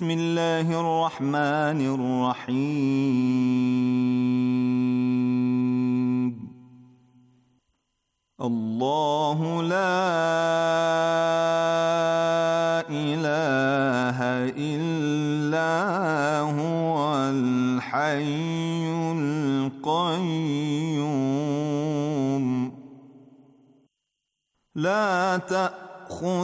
بسم الله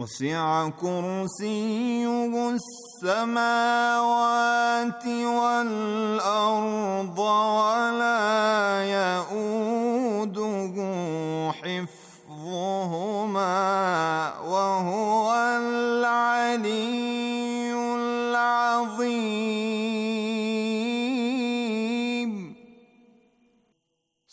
وسع كرسيه السماوات والارض ولا يئوس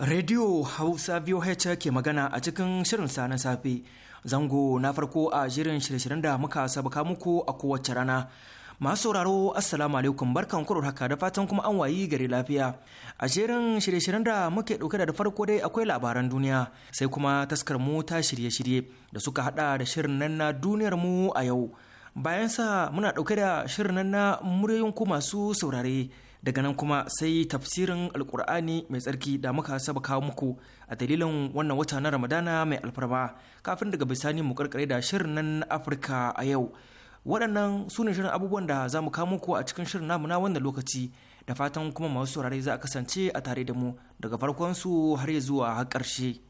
Radio Hausa VOH ke magana a cikin shirin sa na safe. Zango na farko a shirin shirye-shiryen da muka sabuka muku a kowace rana. Masu sauraro Assalamu alaikum barkan kurar haka da fatan kuma an wayi gari lafiya. A jerin shirye-shiryen da muke dauke da farko dai akwai labaran duniya sai kuma taskar mu ta shirye-shirye da suka hada da shirin nan na duniyar mu a yau. Bayan sa muna dauke da shirin nan na muryoyin ku masu saurare. daga nan kuma sai tafsirin alkur'ani mai tsarki da muka saba kawo muku a dalilin wannan wata na ramadana mai alfarma kafin daga bisani mu karkare da shirin nan afirka a yau waɗannan su ne shirin abubuwan da za mu kawo muku a cikin shirin namu na wannan lokaci da fatan kuma masu saurare za a kasance a tare da mu daga farkon su har zuwa ƙarshe.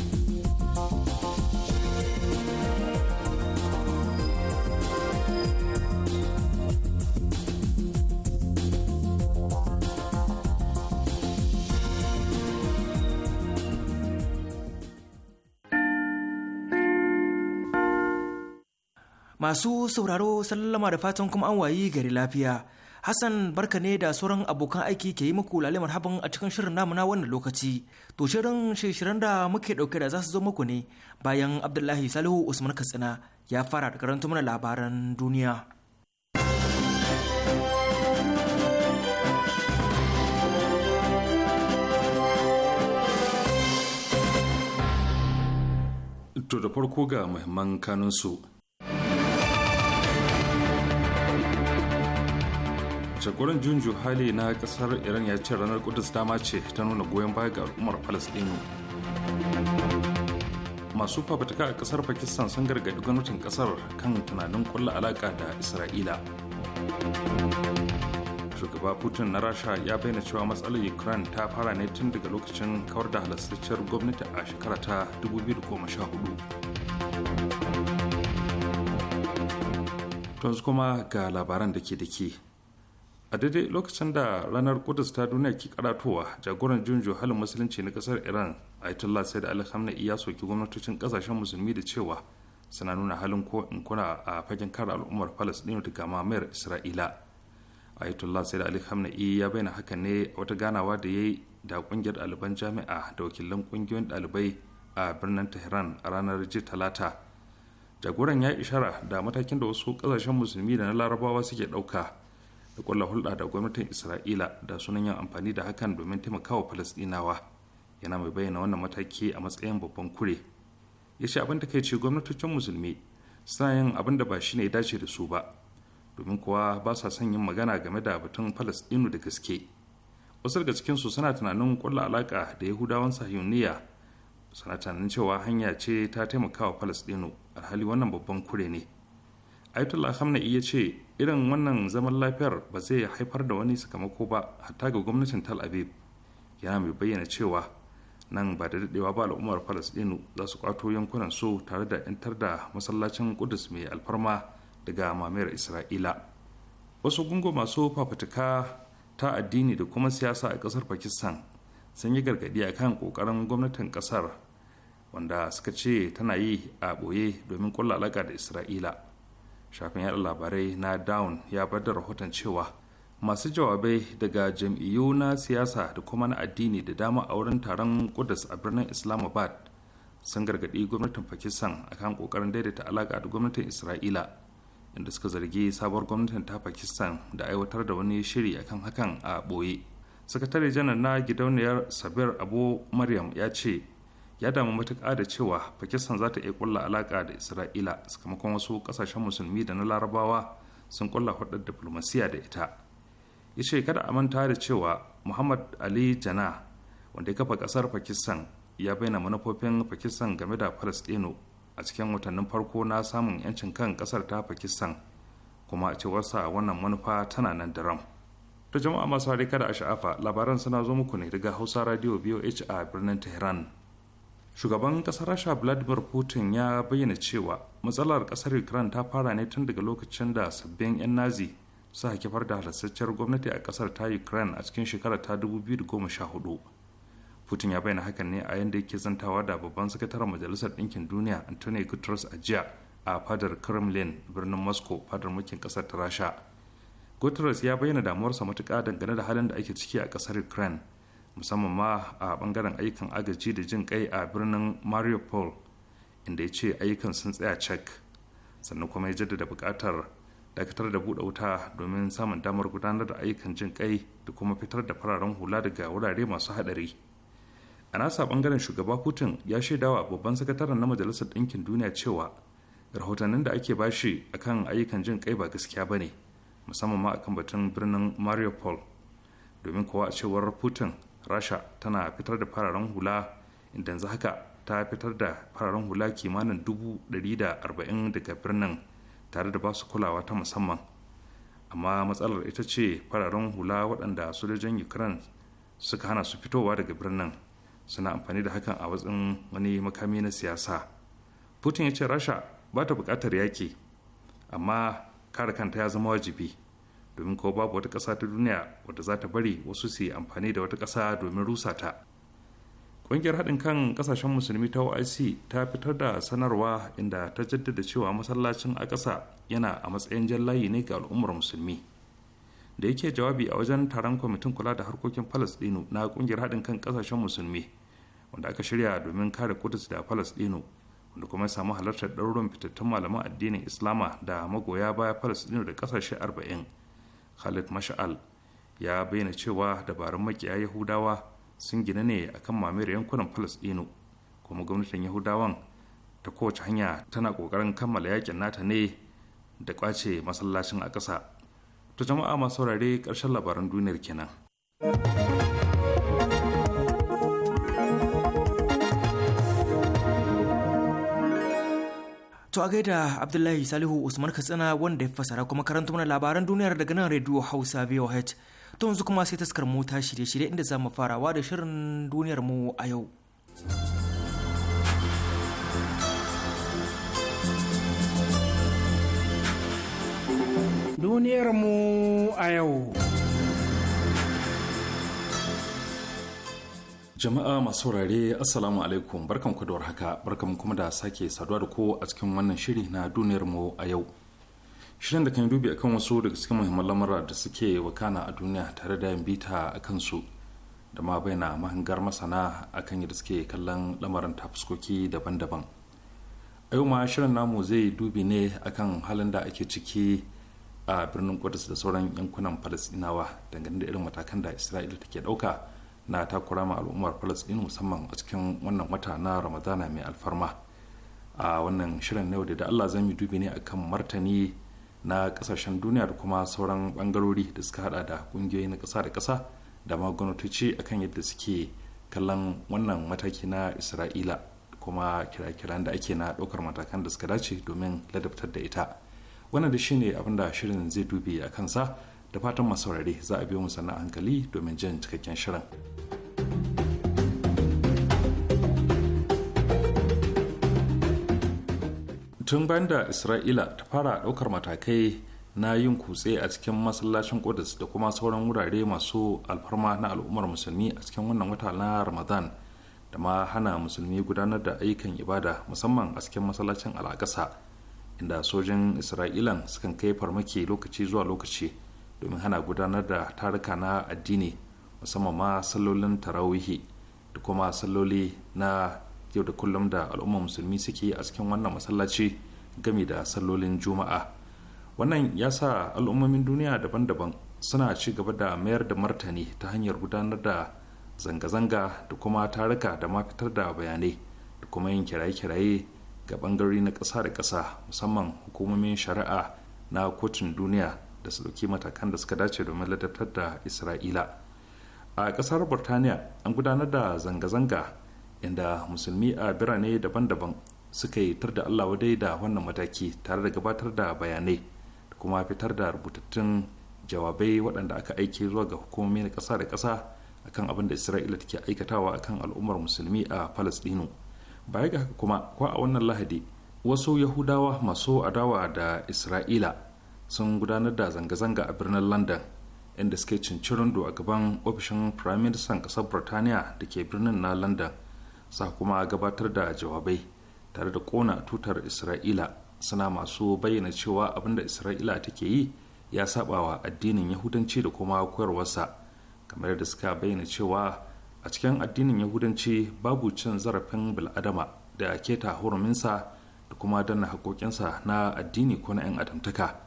Masu sauraro sallama da fatan kuma an wayi gari lafiya. Hassan barka ne da sauran abokan aiki ke yi muku lalimar marhaban a cikin shirin namu na wannan lokaci. To shirin shirin da muke dauke da za su zo muku ne bayan Abdullahi Salihu Usman Katsina ya fara da karanta mana labaran duniya. To da farko ga muhimman kanunsu. Shakurin junju hali na kasar iran ya ce ranar kudus dama ce ta nuna goyon baya ga al'ummar falasɗinu masu fafutuka a kasar pakistan sun gargaɗi gwamnatin kasar kan tunanin kulla alaƙa da isra'ila shugaba putin na rasha ya bayyana cewa matsalar ukraine ta fara ne tun daga lokacin kawar da halastacciyar gwamnati a shekara ta 2014 tunzu kuma ga labaran da ke da ke a daidai lokacin da ranar kudus ta duniya ke karatowa jagoran junjo halin musulunci na kasar iran ayatollah sai ali khamenei ya soki gwamnatocin kasashen musulmi da cewa suna nuna halin ko in kuna a fagen kare al'ummar palestine daga mamayar isra'ila ayatollah da ali khamenei ya bayyana haka ne a wata ganawa da ya yi da kungiyar ɗaliban jami'a da wakilan kungiyoyin ɗalibai a birnin tehran a ranar jiya talata jagoran ya ishara da matakin da wasu kasashen musulmi da na larabawa suke ɗauka da kulla hulɗa da gwamnatin isra'ila da sunan yin amfani da hakan domin taimakawa falasɗinawa yana mai bayyana wannan mataki a matsayin babban kure ya ce abin da kai ce gwamnatocin musulmi suna yin abin da ba shi ne dace da su ba domin kuwa ba sa son yin magana game da batun falasɗinu da gaske wasu daga cikinsu suna tunanin kulla alaƙa da yahudawan sahiyuniya suna tunanin cewa hanya ce ta taimakawa falasɗinu alhali wannan babban kure ne ayatollah khamenei ya ce irin wannan zaman lafiyar ba zai haifar da wani sakamako ba hatta ga gwamnatin tal aviv yana mai bayyana cewa nan ba da daɗewa ba al'ummar falasɗinu za su kwato yankunan su tare da 'yantar da masallacin kudus mai alfarma daga mamayar isra'ila wasu gungo masu fafutuka ta addini da kuma siyasa a ƙasar pakistan sun yi gargaɗi a kan ƙoƙarin gwamnatin ƙasar wanda suka ce tana yi a ɓoye domin ƙulla alaƙa da isra'ila shafin yada labarai na down ya bar da rahoton cewa masu jawabai daga jam'iyyu na siyasa da kuma na addini da dama a wurin taron kudus a birnin islamabad sun gargaɗi gwamnatin pakistan akan kokarin daidaita alaƙa da gwamnatin isra'ila inda suka zargi sabuwar gwamnatin ta pakistan da aiwatar da wani shiri akan hakan a ɓoye sakatare janar na gidauniyar sabir abu maryam ya ce ya damu matuƙa da cewa pakistan za ta iya kulla alaƙa da isra'ila sakamakon wasu ƙasashen musulmi da na larabawa sun kulla hudar diplomasiya da ita ya ce kada a manta da cewa muhammad ali jana wanda ya kafa ƙasar pakistan ya bayyana manufofin pakistan game da palestino a cikin watannin farko na samun yancin kan ƙasar ta pakistan kuma a cewarsa wannan manufa tana nan da daram ta jama'a masu kada a sha'afa labaran suna zo muku ne daga hausa radio voh a birnin tehran shugaban kasar rasha vladimir putin ya bayyana cewa matsalar kasar ukraine ta fara ne tun daga lokacin da sabbin 'yan nazi su hakifar da halassacciyar gwamnati a kasar ta ukraine a cikin shekara ta 2014 putin ya bayyana hakan ne a yadda yake zantawa da babban sakataren majalisar ɗinkin duniya antony guterres a jiya a fadar kremlin birnin moscow fadar mulkin kasar ta rasha guterres ya bayyana damuwarsa matuƙa dangane da halin da ake ciki a kasar ukraine musamman ma a bangaren ayyukan agaji da jin kai a birnin mariupol inda ya ce ayyukan sun tsaya cek sannan kuma ya jaddada bukatar dakatar da buɗe wuta domin samun damar gudanar da ayyukan jin kai da kuma fitar da fararen hula daga wurare masu haɗari a nasa bangaren shugaba putin ya shaidawa babban sakataren na majalisar ɗinkin duniya cewa rahotannin da ake bashi akan ayyukan jin kai ba gaskiya ba ne musamman ma akan batun birnin mariupol domin kowa a cewar putin rasha tana fitar da fararen hula inda yanzu haka ta fitar da fararen hula kimanin dubu da arba'in daga birnin tare da basu kulawa ta musamman amma matsalar ita ce fararen hula waɗanda sojojin ukraine suka hana su fitowa daga birnin suna amfani da hakan a watsin wani makami na siyasa putin ya ce rasha ba ta buƙatar yaƙi amma kare kanta ya zama wajibi domin ko babu wata ƙasa ta duniya wadda za ta bari wasu su yi amfani da wata ƙasa domin rusa ta ƙungiyar haɗin kan ƙasashen musulmi ta oic ta fitar da sanarwa inda ta jaddada cewa masallacin a ƙasa yana a matsayin jan layi ne ga al'ummar musulmi da yake jawabi a wajen taron kwamitin kula da harkokin falasɗinu na ƙungiyar haɗin kan ƙasashen musulmi wanda aka shirya domin kare kudus da falasɗinu wanda kuma ya samu halartar ɗaruruwan fitattun malaman addinin islama da magoya baya falasɗinu da ƙasashe arba'in khalid mash'al ya bayyana cewa dabarun makiya yahudawa sun gina ne akan mamayar yankunan palestino kuma gwamnatin yahudawan ta kowace hanya tana kokarin kammala yakin nata ne da kwace masallacin a ƙasa to jama'a masu saurare ƙarshen labaran duniyar kenan. To a gaida Abdullahi Salihu Usman Katsina wanda ya fasara kuma karanta mana labaran duniyar daga nan rediyo Hausa VOH. To yanzu kuma sai taskar mota shirye-shirye inda za mu farawa da shirin duniyar mu a yau. Duniyar mu a yau. Jama'a masu saurare Assalamu alaikum ku da warhaka barkan kuma da sake saduwa da ku a cikin wannan shiri na duniyar mu a yau. Shirin da kan dubi akan wasu daga cikin muhimman lamura da suke wakana a duniya tare da yin bita a kansu da ma bayyana mahangar masana akan yadda suke kallon lamarin ta daban-daban. A yau ma shirin namu zai dubi ne akan halin da ake ciki a birnin Kudus da sauran yankunan falastinawa dangane da irin matakan da Isra'ila take ɗauka na takura ma al'ummar falastin musamman a cikin wannan wata na ramadana mai alfarma a wannan shirin na yau da allah zan yi dubi ne akan martani na kasashen duniya da kuma sauran bangarori da suka hada da kungiyoyi na kasa da kasa da ma gwamnatoci akan yadda suke kallon wannan mataki na isra'ila kuma kira-kiran da ake na ɗaukar matakan da suka dace domin ladabtar da ita wannan da shine abin da shirin zai dubi a kansa da fatan masu saurare za a biyo mu sannan hankali domin jin cikakken shirin tun bayan da isra'ila ta fara ɗaukar matakai na yin kutse a cikin masallacin kudus da kuma sauran wurare masu alfarma na al'ummar musulmi a cikin wannan wata na ramadan da ma hana musulmi gudanar da ayyukan ibada musamman a cikin masallacin al'akasa inda sojin isra'ilan sukan kai farmaki lokaci zuwa lokaci domin hana gudanar da taruka na addini musamman ma sallolin tarawihi da kuma salloli na yau da kullum da al'umma musulmi suke a cikin wannan masallaci gami da salolin juma'a wannan ya sa al'ummomin duniya daban-daban suna ci gaba da mayar da martani ta hanyar gudanar da zanga-zanga da kuma taruka da ma fitar da bayanai da kuma yin kiraye-kiraye ga bangare na ƙasa da ƙasa musamman hukumomin shari'a na kotun duniya da su dauki matakan da suka dace domin ladabtar da isra'ila a kasar burtaniya an gudanar da zanga-zanga inda musulmi a birane daban-daban suka yi tar da allah wadai da wannan mataki tare da gabatar da bayanai da kuma fitar da rubutattun jawabai waɗanda aka aike zuwa ga hukumomi na ƙasa da ƙasa akan abin da isra'ila take aikatawa akan al'ummar musulmi a ba baya ga haka kuma ko a wannan lahadi wasu yahudawa masu adawa da isra'ila sun gudanar da zanga-zanga a birnin london inda suke cincirindo a gaban ofishin firaministan ƙasar burtaniya da ke birnin na london sa kuma gabatar da jawabai tare da kona tutar isra'ila suna masu bayyana cewa abin da isra'ila take yi ya sabawa addinin yahudanci da kuma koyarwarsa kamar yadda suka bayyana cewa a cikin addinin yahudanci babu cin zarafin bil'adama da keta huruminsa da kuma danna haƙoƙinsa na addini ko na 'yan adamtaka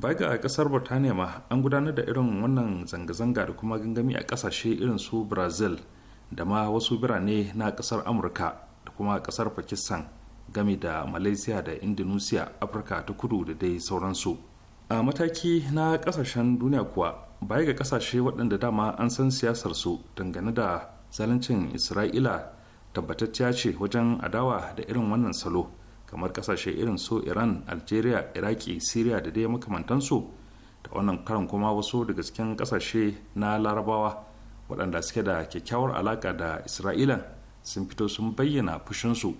bai ga kasar burtaniya ma an gudanar da irin wannan zanga-zanga da kuma gangami a kasashe irin su brazil da ma wasu birane na kasar amurka da kuma kasar pakistan gami da malaysia da indonesia afirka ta kudu da dai sauransu a mataki na kasashen duniya kuwa baya ga kasashe waɗanda dama an san siyasarsu dangane da zaluncin isra'ila tabbatacciya ce wajen adawa da irin wannan salo kamar kasashe irin su iran algeria iraki syria da dai makamantansu da wannan karan kuma wasu daga cikin kasashe na larabawa waɗanda suke da kyakkyawar alaƙa da isra'ila sun fito sun bayyana fushinsu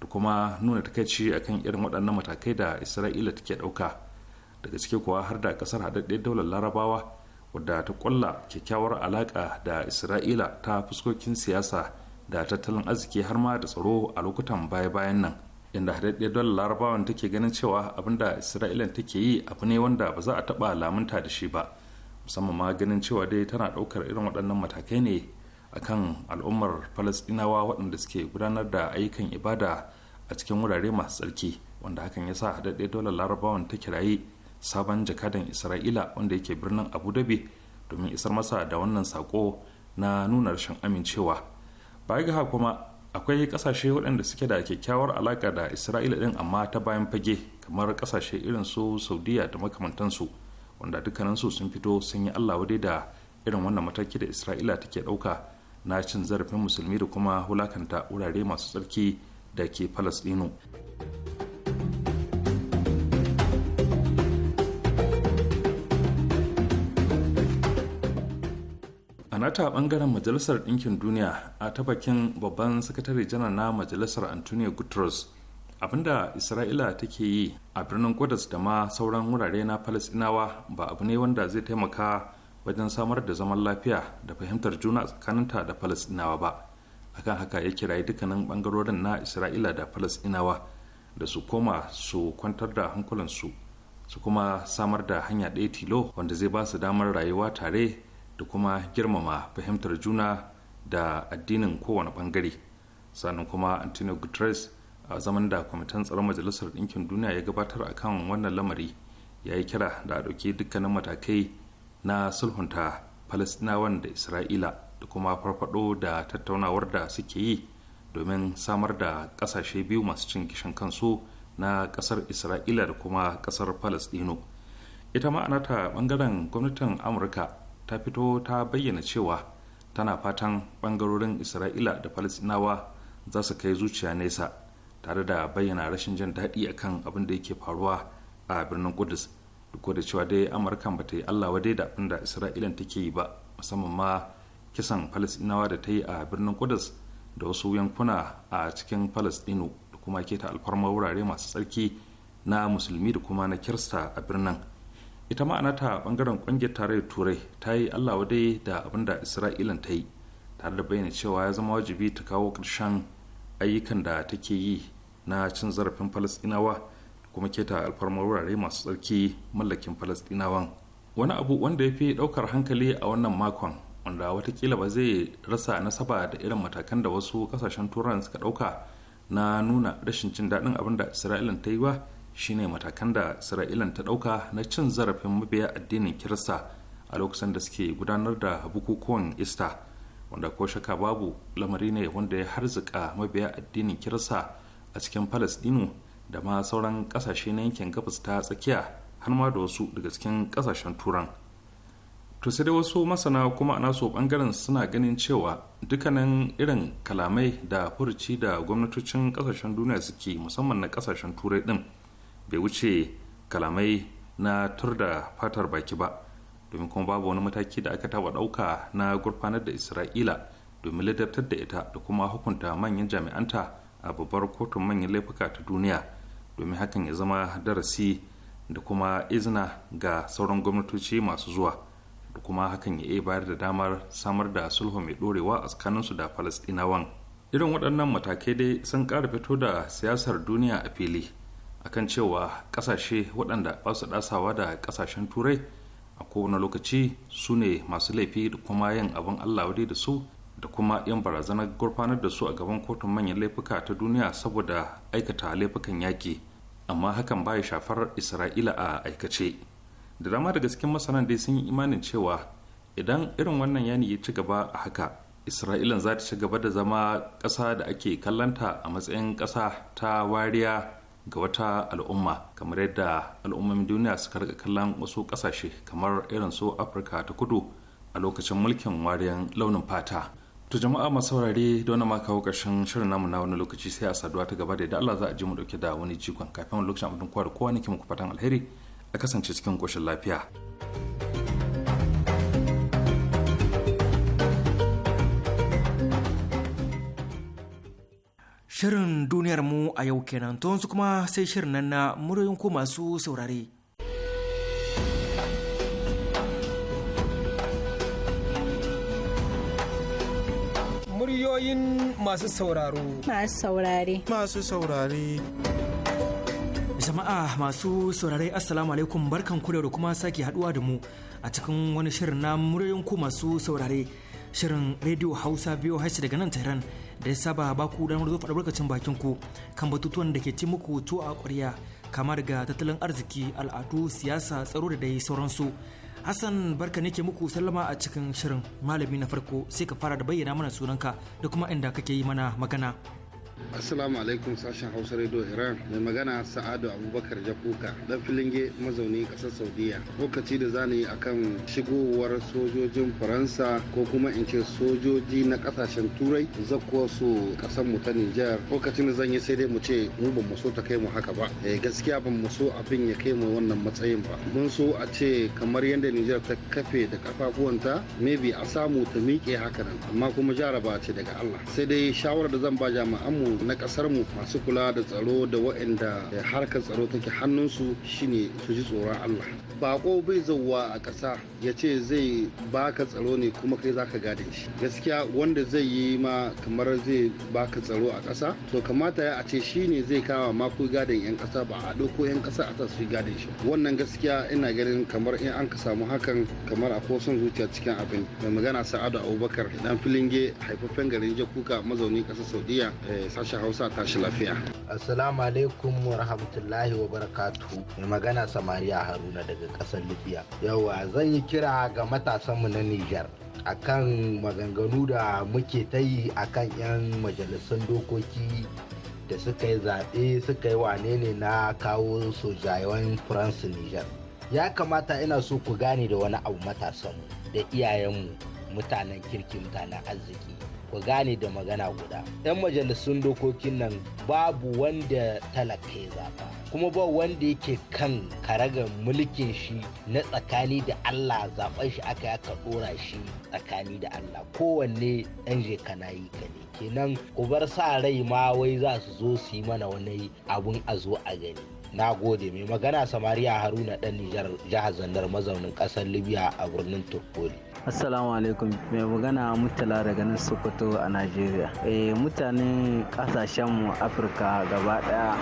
da kuma nuna takaici akan irin waɗannan matakai da isra'ila take ɗauka daga cike kuwa har da kasar haɗaɗɗiyar daular larabawa wadda ta ƙwalla kyakkyawar alaƙa da isra'ila ta fuskokin siyasa da tattalin arziki har ma da tsaro a lokutan baya-bayan nan inda haɗaɗɗiyar dole larabawan take ganin cewa abinda isra'ila take yi abu ne wanda ba za a taɓa lamunta da shi ba musamman ma ganin cewa dai tana ɗaukar irin waɗannan matakai ne a kan al'ummar falasɗinawa waɗanda suke gudanar da ayyukan ibada a cikin wurare masu tsarki wanda hakan ya sa haɗaɗɗiyar dole larabawan ta raye sabon jakadan isra'ila wanda yake birnin abu dhabi domin isar masa da wannan sako na nuna rashin amincewa baya ga kuma akwai kasashe waɗanda suke da kyakkyawar alaƙa da isra'ila ɗin amma ta bayan fage kamar kasashe irin su saudiya da makamantansu wanda dukkaninsu sun fito sun yi allah wadai da irin wannan mataki da isra'ila take ɗauka na cin zarafin musulmi da kuma wulakanta wurare masu tsarki da ke falasɗinu a nata bangaren majalisar ɗinkin duniya a ta babban sakatare janar na majalisar antonio guterres abinda isra'ila take yi a birnin kudus da ma sauran wurare na falasinawa ba abu ne wanda zai taimaka wajen samar da zaman lafiya da fahimtar juna tsakaninta da falasinawa ba akan haka ya kirayi dukkanin bangarorin na isra'ila da falasinawa da su koma su kwantar da hankulansu su kuma samar da hanya ɗaya tilo wanda zai ba su damar rayuwa tare da kuma girmama fahimtar juna da addinin kowane bangare sannan kuma antonio guterres a zaman da kwamitin tsaron majalisar ɗinkin duniya ya gabatar a kan wannan lamari ya yi kira da a ɗauki dukkanin matakai na sulhunta palestinawan da isra'ila da kuma farfado da tattaunawar da suke yi domin samar da ƙasashe biyu masu cin kishin kansu na ƙasar isra'ila da kuma ƙasar palestino ita ma'anata ta ɓangaren gwamnatin amurka ta fito ta bayyana cewa tana fatan bangarorin isra'ila da falasinawa za su kai zuciya nesa tare da bayyana rashin jan daɗi a kan abin da yake faruwa a birnin kudus duk da cewa dai amurkan ba ta yi allah wadai da abin da isra'ilan take yi ba musamman ma kisan falasinawa da ta yi a birnin kudus da wasu yankuna a cikin falasdino da kuma keta alfarma wurare masu tsarki na musulmi da kuma na kirista a birnin ita ma ta bangaren kungiyar tarayyar turai ta yi allah wadai da abin da isra'ilan ta yi tare da bayyana cewa ya zama wajibi ta kawo ƙarshen ayyukan da take yi na cin zarafin falasɗinawa kuma keta alfarmar wurare masu tsarki mallakin falasɗinawan wani abu wanda ya fi ɗaukar hankali a wannan makon wanda watakila ba zai rasa nasaba da irin matakan da wasu kasashen turan suka ɗauka na nuna rashin cin daɗin abin da isra'ila ta yi ba shine matakan da isra'ilan ta dauka na cin zarafin mabiya addinin kirista a lokacin da suke gudanar da bukukuwan ista wanda ko shaka babu lamari ne wanda ya harzika mabiya addinin kirista a cikin palestino da ma sauran kasashe na yankin gabas ta tsakiya har ma da wasu daga cikin kasashen turan to sai dai wasu masana kuma a naso bangaren suna ganin cewa dukkanin irin kalamai da furuci da gwamnatocin kasashen duniya suke musamman na kasashen turai din bai wuce kalamai na tur da fatar baki ba domin kuma babu wani mataki da aka taba ɗauka na gurfanar da isra'ila domin ladabtar da ita da kuma hukunta manyan jami'anta a babbar kotun manyan laifuka ta duniya domin hakan ya zama darasi da kuma izina ga sauran gwamnatoci masu zuwa da kuma hakan ya iya bayar da damar samar da sulhu mai dorewa a tsakaninsu da palestinawan. irin waɗannan matakai dai sun ƙara fito da siyasar duniya a fili akan cewa kasashe waɗanda ba su ɗasawa da ƙasashen turai a kowane lokaci su ne masu laifi da kuma yin abin allah wadai da su da kuma yin barazanar gurfanar da su a gaban kotun manyan laifuka ta duniya saboda aikata laifukan yaƙi amma hakan ba ya shafar isra'ila a aikace da dama daga cikin masanan dai sun yi imanin cewa idan irin wannan yani ya ci gaba a haka isra'ilan za ta ci gaba da zama ƙasa da ake kallanta a matsayin ƙasa ta wariya ga wata al'umma kamar yadda al'ummomin duniya suka rika kallon wasu kasashe kamar irin su afirka ta kudu a lokacin mulkin wariyar launin fata to jama'a masu saurare da wani kawo karshen shirin namu na wani lokaci sai a saduwa ta gaba da yadda Allah za a ji mu dauke da wani jikon kafin lokacin abin kowa da kowa ke muku fatan alheri a kasance cikin koshin lafiya. Shirin duniyar mu a yau kenan to yanzu kuma sai shirin nan na muryoyin ku masu saurare. Muryoyin masu sauraro. Masu saurare. Masu saurare. Jama'a masu saurare Assalamu alaikum barkan ku da kuma sake haduwa da mu a cikin wani shirin na muryoyin ku masu saurare. Shirin Radio Hausa biyu hashi daga nan Tehran da ya saba ba ku damar zo albarkacin bakin ku kan batutuwan da ke ci muku to a ƙwarya kamar ga tattalin arziki al'adu siyasa tsaro da dai sauransu hassan barka ne ke muku sallama a cikin shirin malami na farko sai ka fara da bayyana mana sunanka da kuma inda kake yi mana magana Assalamu alaikum sashen Hausa Radio Iran mai magana Sa'adu Abubakar Jakuka dan filinge mazauni kasar Saudiya. Lokaci da zani akan shigowar sojojin Faransa ko kuma in ce sojoji na kasashen Turai zakko su kasar mu ta Nijar. Lokacin da zan yi sai dai mu ce mu ban so ta kai mu haka ba. Eh gaskiya ban mu so abin ya kai mu wannan matsayin ba. Mun so a ce kamar yadda Nijar ta kafe da kafafuwanta maybe a samu ta miƙe haka nan amma kuma jaraba ce daga Allah. Sai dai shawarar da zan ba jami'an mu na kasar mu masu kula da tsaro da waɗanda harkar tsaro take hannunsu shine su ji tsoron Allah bako bai zauwa a ƙasa ya ce zai baka tsaro ne kuma kai zaka gade shi gaskiya wanda zai yi ma kamar zai baka tsaro a ƙasa to kamata ya a ce shi ne zai kama ma ku gadin yan ƙasa ba a ɗauko yan ƙasa a su gadin shi wannan gaskiya ina ganin kamar in an ka samu hakan kamar a kosan zuciya cikin abin mai magana sa'adu abubakar dan filinge haifafen garin jakuka mazaunin ƙasar saudiya eh, sashen hausa tashi lafiya assalamu alaikum wa rahmatullahi wa barakatuhu mai magana samariya haruna daga kasar libya yawa zan yi kira ga matasanmu na niger akan maganganu da muke ta yi akan 'yan majalisun dokoki da suka yi zaɓe suka yi wane ne na kawo sojayen france niger ya kamata ina so ku gane da wani abu matasanmu da iyayenmu mutanen kirki mutanen arziki ku gane da magana guda yan majalisun dokokin nan babu wanda talaka ya zaba kuma ba wanda yake kan karagar mulkin shi na tsakani da allah zaben shi aka aka dora shi tsakani da allah kowanne ɗan je kana yi ka ne kenan ku bar sa rai ma wai za su zo su yi mana wani abun a zo a gani na gode mai magana samariya haruna ɗan nijar jihar zandar mazaunin ƙasar libya a birnin tripoli Assalamu alaikum mai magana mutala daga nan Sokoto a Najeriya. Eh mutanen kasashen mu Afirka gaba daya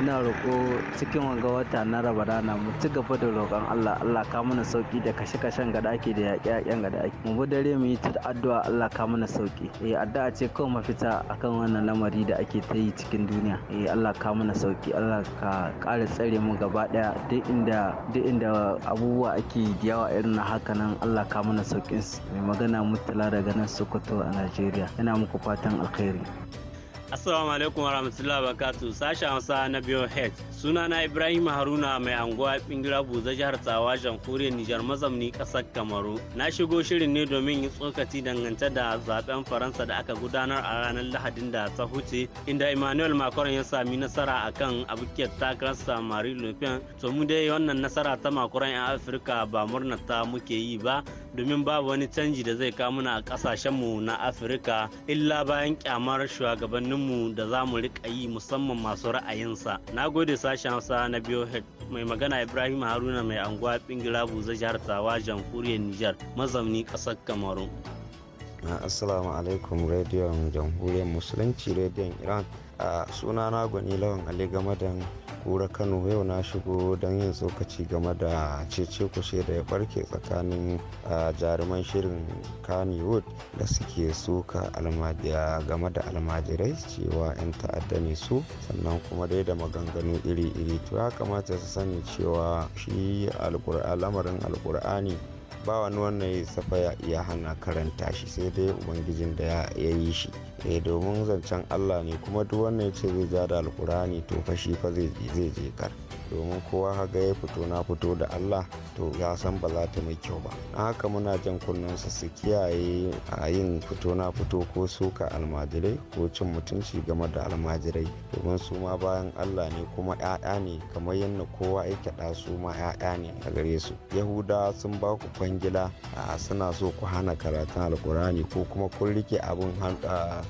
ina roko cikin wanga wata na Ramadana mu ci gaba da roƙon Allah Allah ka mana sauki da kashe-kashen gada ake da yaƙe-yaƙen gada ake Mu bi dare mu yi ta addu'a Allah ka mana sauki. Eh addu'a ce kawai mafita akan wannan lamari da ake ta yi cikin duniya. Eh Allah ka mana sauki Allah ka ƙara tsare mu gaba daya duk inda duk inda abubuwa ake yawa irin haka nan Allah ka mana sauki. Hausa mai magana Murtala daga nan Sokoto a Najeriya. Ina muku fatan alkhairi. Assalamu alaikum warahmatullahi wabarakatuh sashen Hausa na Suna Sunana Ibrahim Haruna mai anguwa Bingira Buza jihar Tsawa jamhuriyar Nijar mazamni kasar Kamaru. Na shigo shirin ne domin yin tsokaci dangance da zaben Faransa da aka gudanar a ranar Lahadin da ta huce inda Emmanuel Macron ya sami nasara akan abokiyar takararsa Marie Le Pen. To mu dai wannan nasara ta Macron 'yan Afirka ba murna ta muke yi ba domin babu wani canji da zai kawo muna a kasashenmu na Afirka illa bayan kyamar shugabannin tunaninmu da za mu riƙa yi musamman masu ra'ayinsa na gode sashen hausa na biohead mai magana ibrahim haruna mai anguwa bingila buza jihar tawa jamhuriyar nijar mazauni ƙasar kamaru assalamu alaikum rediyon jamhuriyar musulunci rediyon iran a sunana gwani lawan ali game da kura kano yau na shigo don yin tsokaci game da cece kushe da ya barke tsakanin jaruman shirin kannywood da suke suka almajiya game da almajirai cewa 'yan ta'adda ne su sannan kuma dai da maganganu iri-iri to ya kamata su sani cewa shi lamarin alkur'ani ba wani wannan ya iya ya hana karanta shi sai dai ubangijin da ya yi shi eh domin zancen allah ne kuma duk wanda ce zai ja da alkurani to fashi fa zai je kar domin kowa haga ya fito na fito da allah to ya san ba za ta mai kyau ba haka muna jan kunnensa su kiyaye a yin fito na fito ko suka almajirai ko cin mutunci game da almajirai domin su ma bayan allah ne kuma 'ya'ya ne kamar yadda kowa ya da su ma 'ya'ya ne a gare su yahuda sun ba ku kwangila suna so ku hana karatun alkurani ko kuma kun rike abin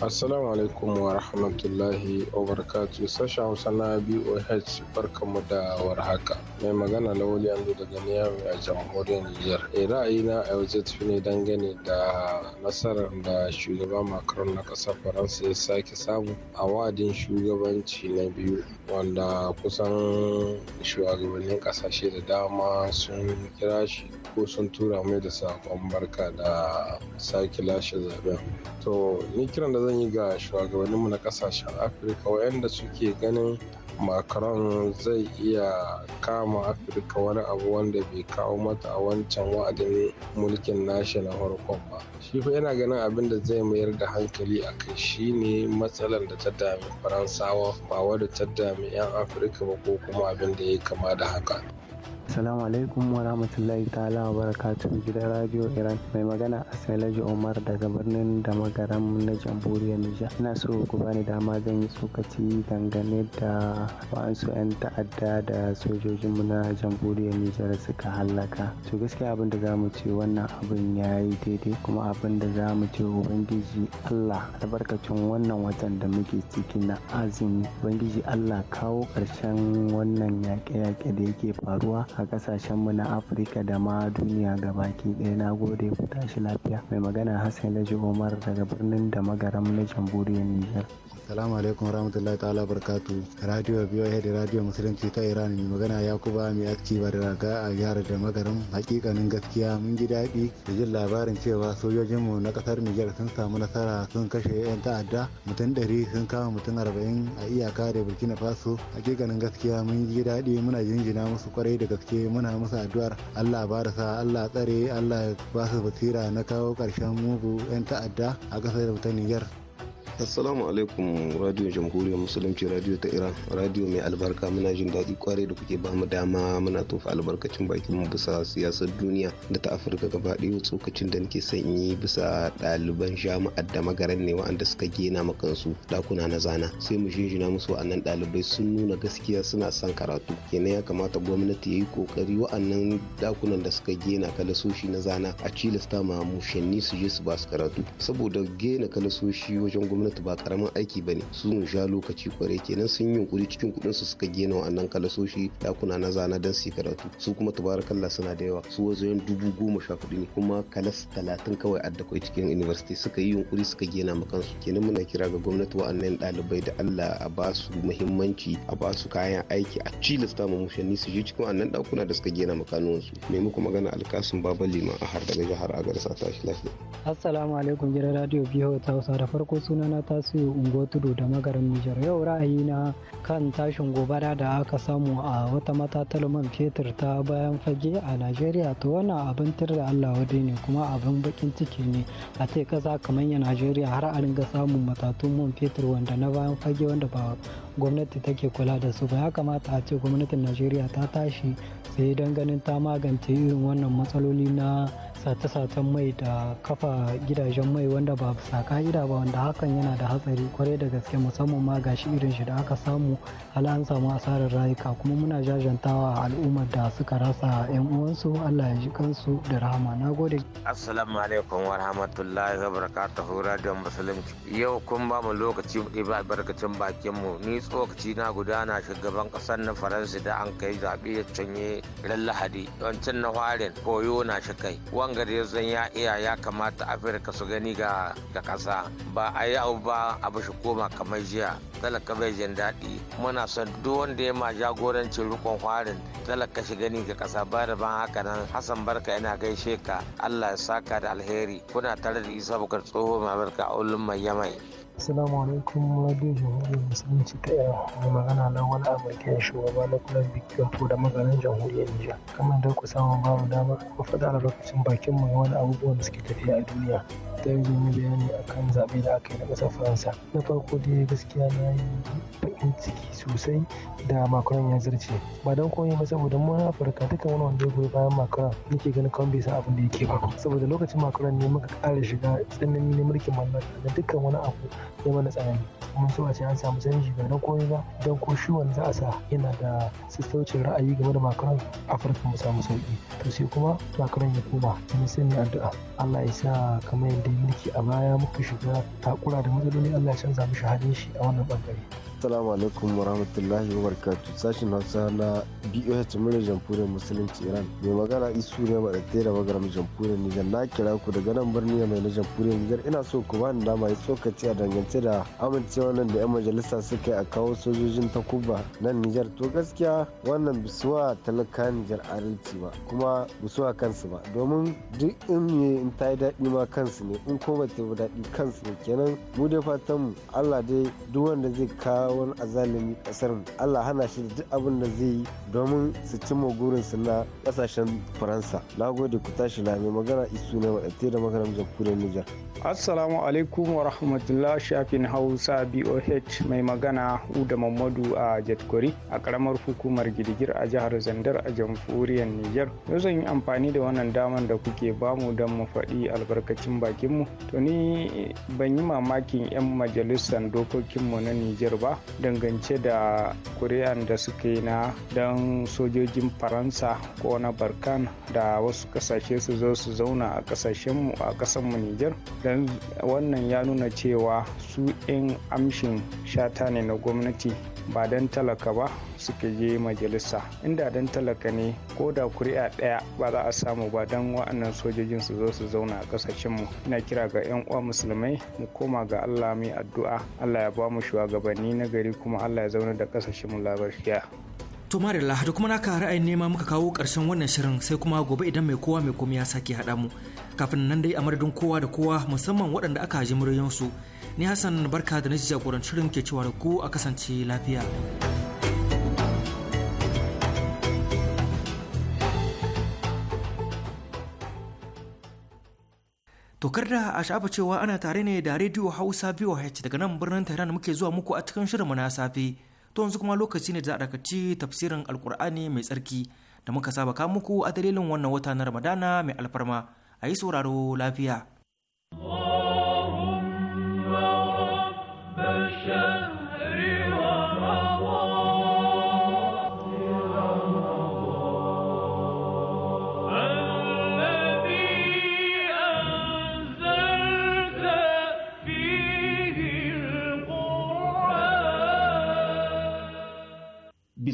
Assalamu alaikum wa rahmatullahi wa barakatu sashen Hausa na BOH barkanmu da warhaka. Mai magana Lawali yanzu daga Niyami a jamhuriyar Nijar. E eh, ra'ayina a yau zai ne dangane da nasarar da shugaban Macron na ƙasar Faransa ya sake samu a wa'adin shugabanci na biyu wanda kusan shugabannin kasashe da dama sun kira shi ko sun tura mai da sakon barka da sake lashe zaben. To ni kiran da zan yi ga shugabanninmu na kasashen afirka waɗanda suke ganin macron zai iya kama afirka wani abu wanda bai kawo mata a wancan wa'adin mulkin nashi na farkon ba shi fa yana ganin abin da zai mayar da hankali a kai shine matsalar da ta dami faransawa ba wadda ta dami 'yan afirka ba ko kuma abin da ya kama da haka Assalamu alaikum wa rahmatullahi ta'ala wa barakatuhu gidan Radio Iran mai magana a Asalaji Omar daga birnin da magaram na jamhuriyar Nijar. Ina so ku bani dama zan yi tsokaci dangane da wa'ansu 'yan ta'adda da sojojinmu na jamhuriyar Nijar suka hallaka. To gaskiya abin da zamu ce wannan abin ya yi daidai kuma abin da zamu ce Ubangiji Allah albarkacin wannan watan da muke ciki na azumi. Ubangiji Allah kawo karshen wannan yaƙe-yaƙe da yake faruwa a mu na Afirka da ma duniya gabaki ɗaya. Na gode ku tashi lafiya. Mai magana Hassan Laji umar daga birnin da magaram na jamhuriyar Nijar. salamu alaikum warahmatullahi ta'ala barkatu radio biyu da radio musulunci ta iran mai magana yakuba mai aski ba da raga a jihar da magarin hakikanin gaskiya mun ji daɗi da jin labarin cewa sojojinmu na ƙasar niger sun samu nasara sun kashe 'yan ta'adda mutum ɗari sun kama mutum arba'in a iyaka da burkina faso hakikanin gaskiya mun ji daɗi muna jinjina musu kwarai da gaske muna musu addu'ar allah ba da sa allah tsare allah ba su basira na kawo ƙarshen mugu 'yan ta'adda a ƙasar ta niger assalamu alaikum radio jamhuriyar musulunci radio ta iran radio mai albarka muna jin daɗi kwarai da kuke ba mu dama muna tofa albarkacin bakin mu bisa siyasar duniya da ta afirka gaba ɗaya tsokacin da nake son yi bisa ɗaliban jami'ar da magaran ne wa'anda suka gena ma kansu ɗakuna na zana sai mu jinjina musu wa'annan ɗalibai sun nuna gaskiya suna son karatu kenan ya kamata gwamnati ya yi kokari wa'annan ɗakunan da suka gena kalasoshi na zana a cilasta ma mushanni su je su ba su karatu saboda gena kalasoshi wajen gwamnati gwamnati ba karamin aiki bane sun sha lokaci kwarai kenan sun yi yunkuri cikin kuɗin su suka gena wannan kalasoshi dakuna na zana dan su karatu su kuma tabarakallah suna da yawa su wajen dubu goma sha kuɗi ne kuma kalas talatin kawai adda kai cikin university suka yi yunkuri suka gena ma kansu kenan muna kira ga gwamnati wa'annan ɗalibai da Allah a ba su muhimmanci a ba su kayan aiki a cilasta ma mushanni su je cikin wannan dakuna da suka gena ma kanuwansu muku magana alkasun baba lima a har daga jihar agarsa shi lafiya assalamu alaikum gidan radio biyo ta hausa da farko sunana na tasiu ungo tudu da magarin nijar yau ra'ayi na kan tashin gobara da aka samu a wata matatar man fetur ta bayan fage a najeriya to wannan abin tir da allah wadai ne kuma abin bakin ciki ne a ce kasa kamar ya najeriya har a ringa samun matatun man fetur wanda na bayan fage wanda ba gwamnati take kula da su ba ya kamata a ce gwamnatin najeriya ta tashi sai don ganin ta magance irin wannan matsaloli na sace-sacen mai da kafa gidajen mai wanda ba bisa ka'ida ba wanda hakan yana da hatsari kwarai da gaske musamman ma ga irin shi da aka samu hala an samu asarar rayuka kuma muna jajantawa al'ummar da suka rasa 'yan uwansu Allah ya ji kansu da rahama na gode assalamu alaikum wa rahmatullahi wa barakatuhu radio musulunci yau kun ba mu lokaci mu ɗiba albarkacin bakin mu ni tsokaci na gudana shugaban ƙasar na faransa da an kai zaɓe ya canye ran lahadi cin na warin koyo na shi kai gare ya iya ya kamata afirka su gani ga kasa ba a yi abu ba a bashi koma kamar jiya talaka bai jin daɗi muna son duk wanda ya ma jagorancin rikon kwarin talaka shi gani ga kasa ba da ban haka nan hassan barka yana gaishe ka allah ya saka da alheri kuna tare da isa bukar tsoho mamarka a ulun mai yamai Assalamu alaikum radio jamhuriyar musulunci ta Iran mai magana na wani Abakiya shugaba na kulan bikin da maganin jamhuriyar Nijar. Kamar da ku samu babu dama ku faɗa a lokacin bakin mu wani abubuwan da suke tafiya a duniya. Ta yi mu bayani akan zaɓe da aka yi na ƙasar Faransa. Na farko dai gaskiya na yi baƙin ciki sosai da makaron ya zarce. Ba don komai ba saboda mu na Afirka dukkan wani wanda ya goyi bayan Macron nake ganin kawai bai san abin da yake ba. Saboda lokacin makaron ne muka ƙara shiga tsananin mulkin mallaka da dukkan wani abu ya mana tsanani mun zuwa a ce an samu canji ba na komai ba don ko shi wanda za a sa yana da sassaucin ra'ayi game da makaron farkon mu samu sauki to sai kuma makaron ya koma mun sani addu'a Allah ya sa kamar yadda yake a baya muka shiga takura da matsaloli Allah ya canza mu shahadin shi a wannan bangare assalamu alaikum warahmatullahi wabarakatuh sashen hausa na boh murar jamhuriyar musulunci iran mai magana isu ne maɗaɗe da magaram jamhuriyar nijar na kira ku daga nan birni mai na jamhuriyar nijar ina so ku bani dama ya tsokaci a dangance da amincewa nan da 'yan majalisa suka yi a kawo sojojin ta kuba nan nijar to gaskiya wannan bisuwa talaka nijar arinci ba kuma bisuwa kansu ba domin duk in ne in ta yi daɗi ma kansu ne in ko ba ta yi daɗi kansu ne kenan mu dai fatan mu allah dai duk wanda zai kawo wani azalimi kasar Allah hana shi da duk abin da zai yi domin su cimma su na kasashen faransa na gode ku tashi na mai magana isu ne wadatai da makarantar kure nijar assalamu alaikum wa rahmatullah shafin hausa boh mai magana uda mamadu a jatkori a karamar hukumar girgir a jihar zandar a jamhuriyar nijar yau zan yi amfani da wannan daman da kuke bamu don mu faɗi albarkacin bakinmu to ni ban yi mamakin 'yan majalisar dokokinmu na nijar ba dangance da kuri'an da suka yi na don sojojin faransa ko na barkan da wasu kasashe su zo su zauna a kasashenmu a kasanmu nijar don wannan ya nuna cewa su 'yan amshin shata ne na gwamnati ba don talaka ba suke je majalisa inda don talaka ne ko da kuri'a ɗaya ba za a samu ba don wa'annan sojojin su zo su zauna a ƙasashenmu ina kira ga 'yan uwa musulmai mu koma ga allah mai addu'a allah ya ba mu shugabanni na gari kuma allah ya zauna da ƙasashenmu labarfiya. To Marilla da kuma naka ra'ayin nema muka kawo ƙarshen wannan shirin sai kuma gobe idan mai kowa mai komai ya sake haɗa mu. Kafin nan dai a madadin kowa da kowa musamman waɗanda aka ji su ni hassan barka da na shirin ke cewa da ku a kasance lafiya Tokar da a shafa cewa ana tare ne da rediyo Hausa VOH daga nan birnin Tehran muke zuwa muku a cikin shirinmu na safe. To yanzu kuma lokaci ne da za a tafsirin Alkur'ani mai tsarki da muka saba ka muku a dalilin wannan wata na Ramadana mai alfarma. A yi sauraro lafiya. Oh.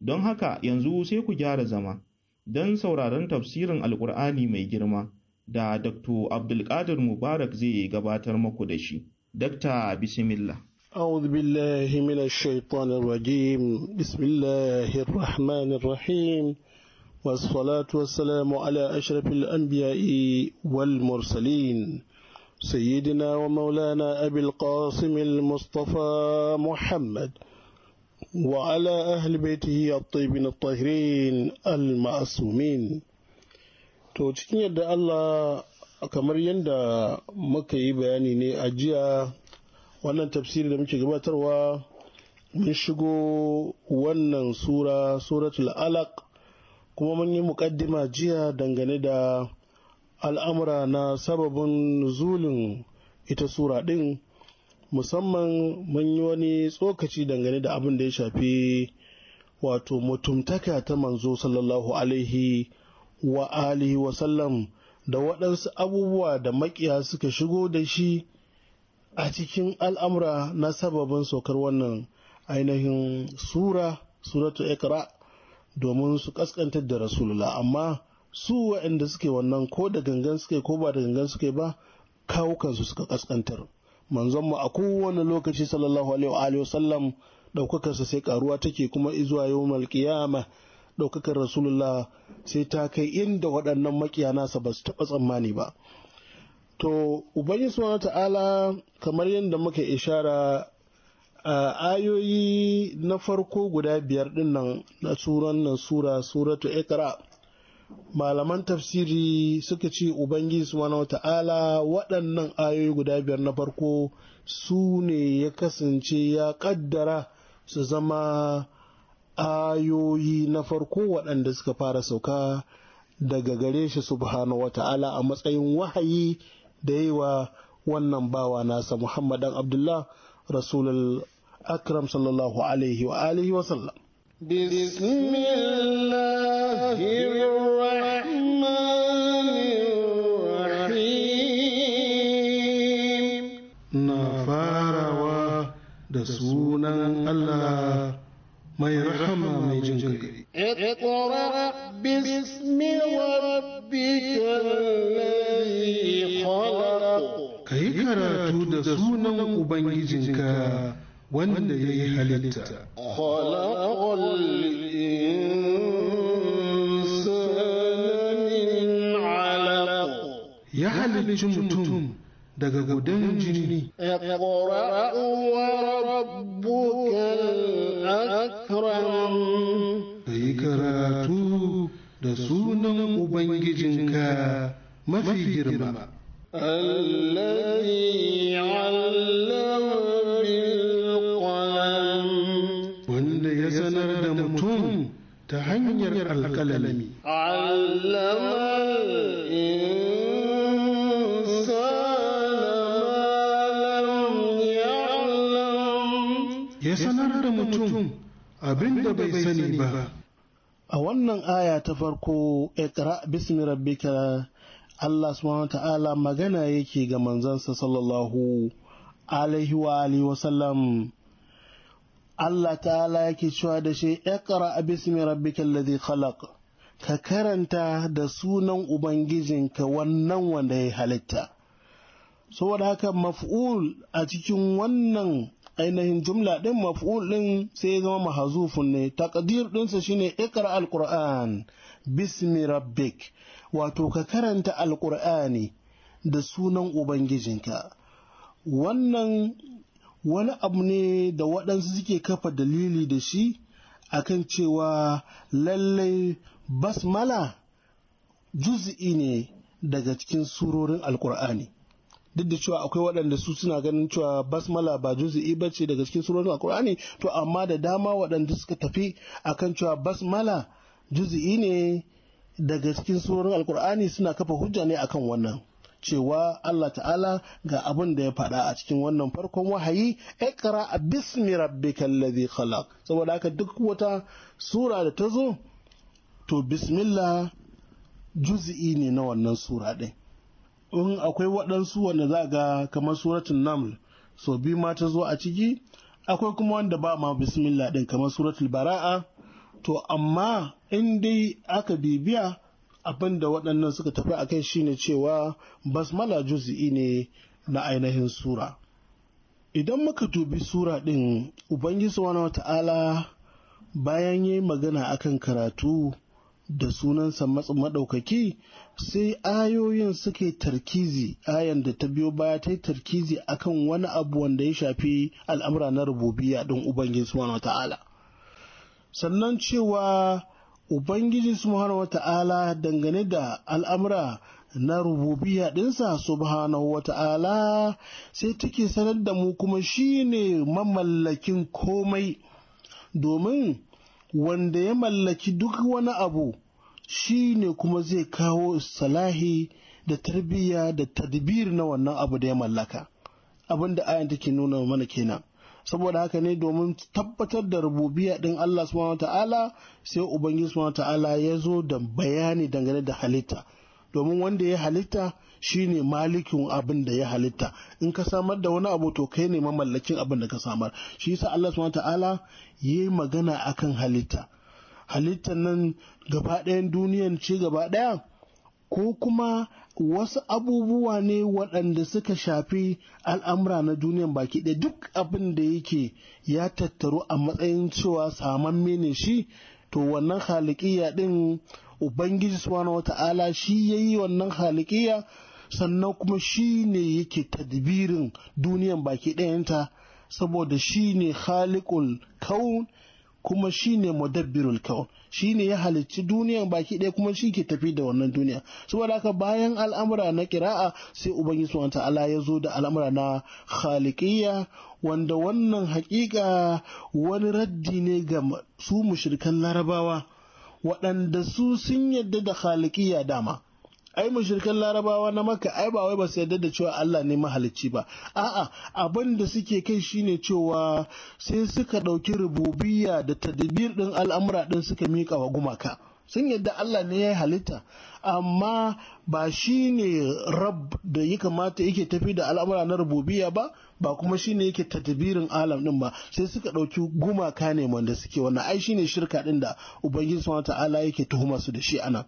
don haka yanzu sai ku gyara zama don sauraron tafsirin alkur'ani mai girma da dr abdulkadir mubarak zai gabatar maku da shi dr bismillah a'udhu billahi minash shaitanir rajim bismillahir rahmanir rahim was salatu was salam ala ashrafil anbiya wal mursalin sayyidina wa maulana abul qasim al mustafa muhammad وعلى أهل بيته الطيبين الطاهرين المعصومين to cikin yadda Allah kamar yadda muka yi bayani ne a jiya wannan tafsiri da muke gabatarwa mun shigo wannan sura suratul alaq kuma mun yi muƙaddima jiya dangane da al'amura na sababin zulin ita sura ɗin musamman mun yi wani tsokaci dangane da abin da ya shafi wato mutumtaka ta manzo sallallahu alaihi wa alihi sallam da waɗansu abubuwa da makiya suka shigo da shi a cikin al'amura na sababin saukar wannan ainihin sura suratu ikra domin su ƙasƙantar da rasulullah amma su waɗanda suke wannan ko da gangan suke ko ba da gangan suke ba kawukansu suka ƙasƙantar manzonmu a kowane lokaci sallallahu alaihi wa sallam ɗaukakarsa sai karuwa take kuma zuwa yawmal qiyama ɗaukakar rasulullah sai ta kai inda waɗannan makiya nasa ba su taɓa tsammani ba to ubangiji subhanahu ta'ala kamar yadda muka ishara ayoyi na farko guda biyar ɗin nan na suran nan sura suratu iqra malaman tafsiri suka ce ubangiji subhanahu wata'ala waɗannan ayoyi guda biyar na farko su ne ya kasance ya ƙaddara su zama ayoyi na farko waɗanda suka fara sauka daga gare shi subhanahu wata'ala a matsayin wahayi da yi wa wannan bawa nasa muhammadan abdullah rasulul akram sallallahu alaihi wa alihi wa sallam da sunan Allah mai rahama mai jin gari. Ka yi karatu da sunan Ubangijinka wanda ya yi halitta. Ya halicci mutum daga gudan jini. bismi rabbika Allah subhanahu ta'ala magana yake ga manzansa sallallahu alaihi wa alihi sallam Allah ta'ala yake cewa da shi iqra bismi rabbika alladhi khalaq ka karanta da sunan ubangijinka wannan wanda ya halitta saboda haka maf'ul a cikin wannan ainihin jumla din maf'ul din sai ya zama mahazufun ne takdir dinsa shine iqra alquran bismi rabbik wato ka karanta alƙur'ani da sunan ubangijinka wannan wani abu ne da waɗansu suke kafa dalili da shi akan cewa lallai basmala juz'i ne daga cikin surorin alkur'ani duk da cewa akwai waɗanda su suna ganin cewa basmala ba juz'i ba ce daga cikin surorin alkur'ani to amma da dama waɗanda suka tafi akan cewa basmala juzi'i ne daga cikin surorin alkur'ani suna kafa hujja ne akan wannan cewa Allah ta'ala ga abin da ya faɗa a cikin wannan farkon wahayi ikra a bismi rabbikal ladhi khalaq saboda haka duk wata sura da ta zo to bismillah juzi'i ne na wannan sura ɗin in akwai waɗansu wanda za ga kamar suratun naml so biyu ma ta zo a ciki akwai kuma wanda ba ma bismillah ɗin kamar suratul bara'a to amma in dai aka bibiya abinda waɗannan suka tafi a kai shine cewa basmala juzi'i ne na ainihin sura idan muka dubi sura ɗin ubangiji wa ta'ala bayan yi magana akan karatu da sunansa maɗaukaki sai ayoyin suke tarkizi ayan da ta biyo baya ta yi tarkizi akan wani abu wanda ya shafi al'amura na rububiya ɗin ubangiji wa ta'ala sannan cewa ubangiji subhanahu wata'ala dangane da al'amura na rububiya ɗinsa subhanahu wata'ala sai take sanar da mu kuma shi ne mamallakin komai domin wanda ya mallaki duk wani abu shi ne kuma zai kawo salahi da tarbiyya da tadbir na wannan abu da ya mallaka abin da ayan take nuna mana kenan saboda haka ne domin tabbatar da rububiya din Allah subhanahu ta'ala sai ubangiji subhanahu ta'ala ya zo da bayani dangane da halitta domin wanda ya halitta shine malikin abin da ya halitta in ka samar da wani abu to kai ne mamallakin abin da ka samar shi yasa Allah subhanahu ta'ala yi magana akan halitta halittan nan gaba ɗayan duniyan ce gaba ɗaya ko kuma wasu abubuwa ne waɗanda suka shafi al'amura na duniyan baki ɗaya duk abin da yake ya tattaru a matsayin cewa saman mene shi to wannan halikiya ɗin ubangiji subhanahu wata'ala shi ya yi wannan halikiya sannan kuma shi ne yake tadbirin duniyan baki ɗayanta saboda shi ne halikul kaun kuma shi shine mudabbirul shi ne ya halicci duniyan baki ɗaya kuma shi ke tafi da wannan duniya saboda haka bayan al'amura na kira'a sai ubangiji subhanahu ta'ala ya zo da al'amura na khaliqiyya wanda wannan haƙiƙa wani raddi ne ga su mushrikan larabawa waɗanda su sun yadda da khaliqiyya dama ai mushrikan larabawa na maka ai ba wai ba su yarda da cewa Allah ne mahalicci ba a'a abin da suke kai shine cewa sai suka ɗauki rububiyya da tadbir ɗin al'amura din suka mika wa gumaka sun yadda Allah ne ya halitta amma ba shine ne rab da ya kamata yake tafi da al'amura na rububiya ba ba kuma shi ne yake tadbirin alam din ba sai suka ɗauki gumaka ne wanda suke wannan ai shine shirka din da ubangiji subhanahu ta'ala yake tuhuma su da shi anan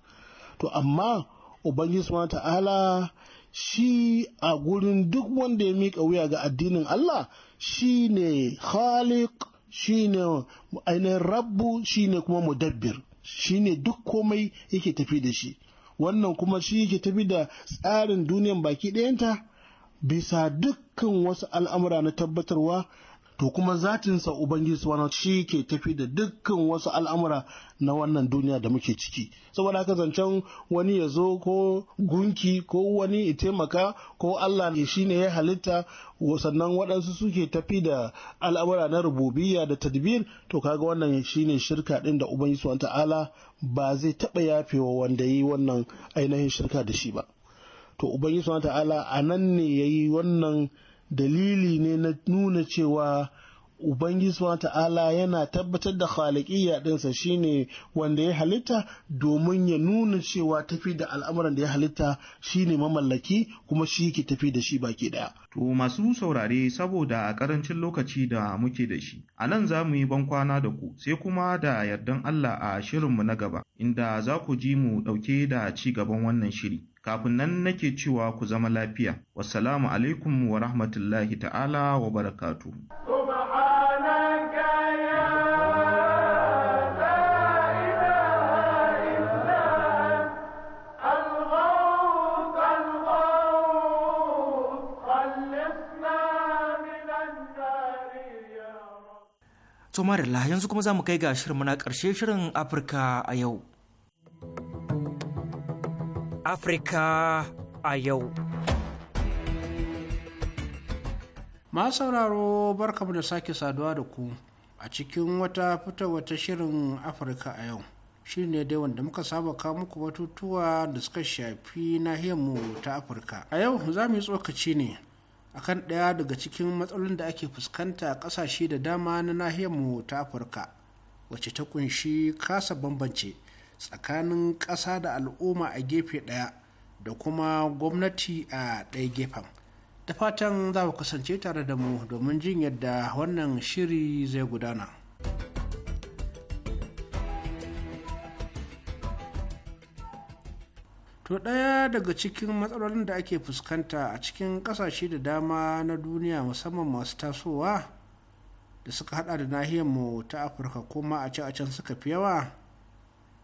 to amma Ubangiji subhanahu ta'ala shi a gurin duk wanda ya mika wuya ga addinin Allah shi ne khaliq shi ne ainihin rabbu shi ne kuma mudabbir shi ne duk komai yake tafi da shi wannan kuma shi yake tafi da tsarin duniyan baki ɗayanta bisa dukkan wasu al'amura na tabbatarwa to kuma zatinsa ubangiji wana shi ke tafi da dukkan wasu al'amura na wannan duniya da muke ciki saboda haka zancen wani ya zo ko gunki ko wani ya taimaka ko Allah ne ne ya halitta sannan waɗansu suke tafi da al'amura na rububiyya da tadbir to kaga wannan shi ne shirka ɗin da ubangiji subhanahu ta'ala ba zai taɓa yafewa wanda yi wannan ainihin shirka da shi ba to ubangiji subhanahu ta'ala nan ne ya yi wannan dalili ne na nuna cewa Ubangiji ta'ala yana tabbatar da khaliqiyya ɗinsa shine wanda ya halitta domin ya nuna cewa tafi da al'amuran da ya halitta shine mamallaki kuma shi ke tafi da shi baki ɗaya. To masu saurare saboda a ƙarancin lokaci da muke da shi, a nan za mu yi bankwana da ku sai kuma da yardan Allah a shirinmu na gaba, inda za ku ji mu ɗauke da ci gaban wannan shiri. kafin nan nake cewa ku zama lafiya wassalamu alaikum wa rahmatullahi ta'ala wa barakatu. To yanzu kuma za mu kai ga shirin na ƙarshe shirin Afirka a yau. Afirka a yau. Masu sauraro barkamu da sake saduwa da ku a cikin wata fita wata shirin Afirka a yau. Shi ne dai wanda muka saba kawo muku batutuwa da suka shafi nahiyarmu ta Afirka. A yau za mu yi tsokaci ne akan ɗaya daga cikin matsalolin da ake fuskanta a ƙasashe da dama na nahiyarmu ta Afirka, wacce ta kunshi kasa bambance. tsakanin ƙasa da al'umma a gefe ɗaya da kuma gwamnati a ɗaya gefen da fatan za ku kasance tare da mu domin jin yadda wannan shiri zai gudana to ɗaya daga cikin matsalolin da ake fuskanta a cikin ƙasashe da dama na duniya musamman masu tasowa da suka hada da nahiyar mu ta afirka kuma a can suka fi yawa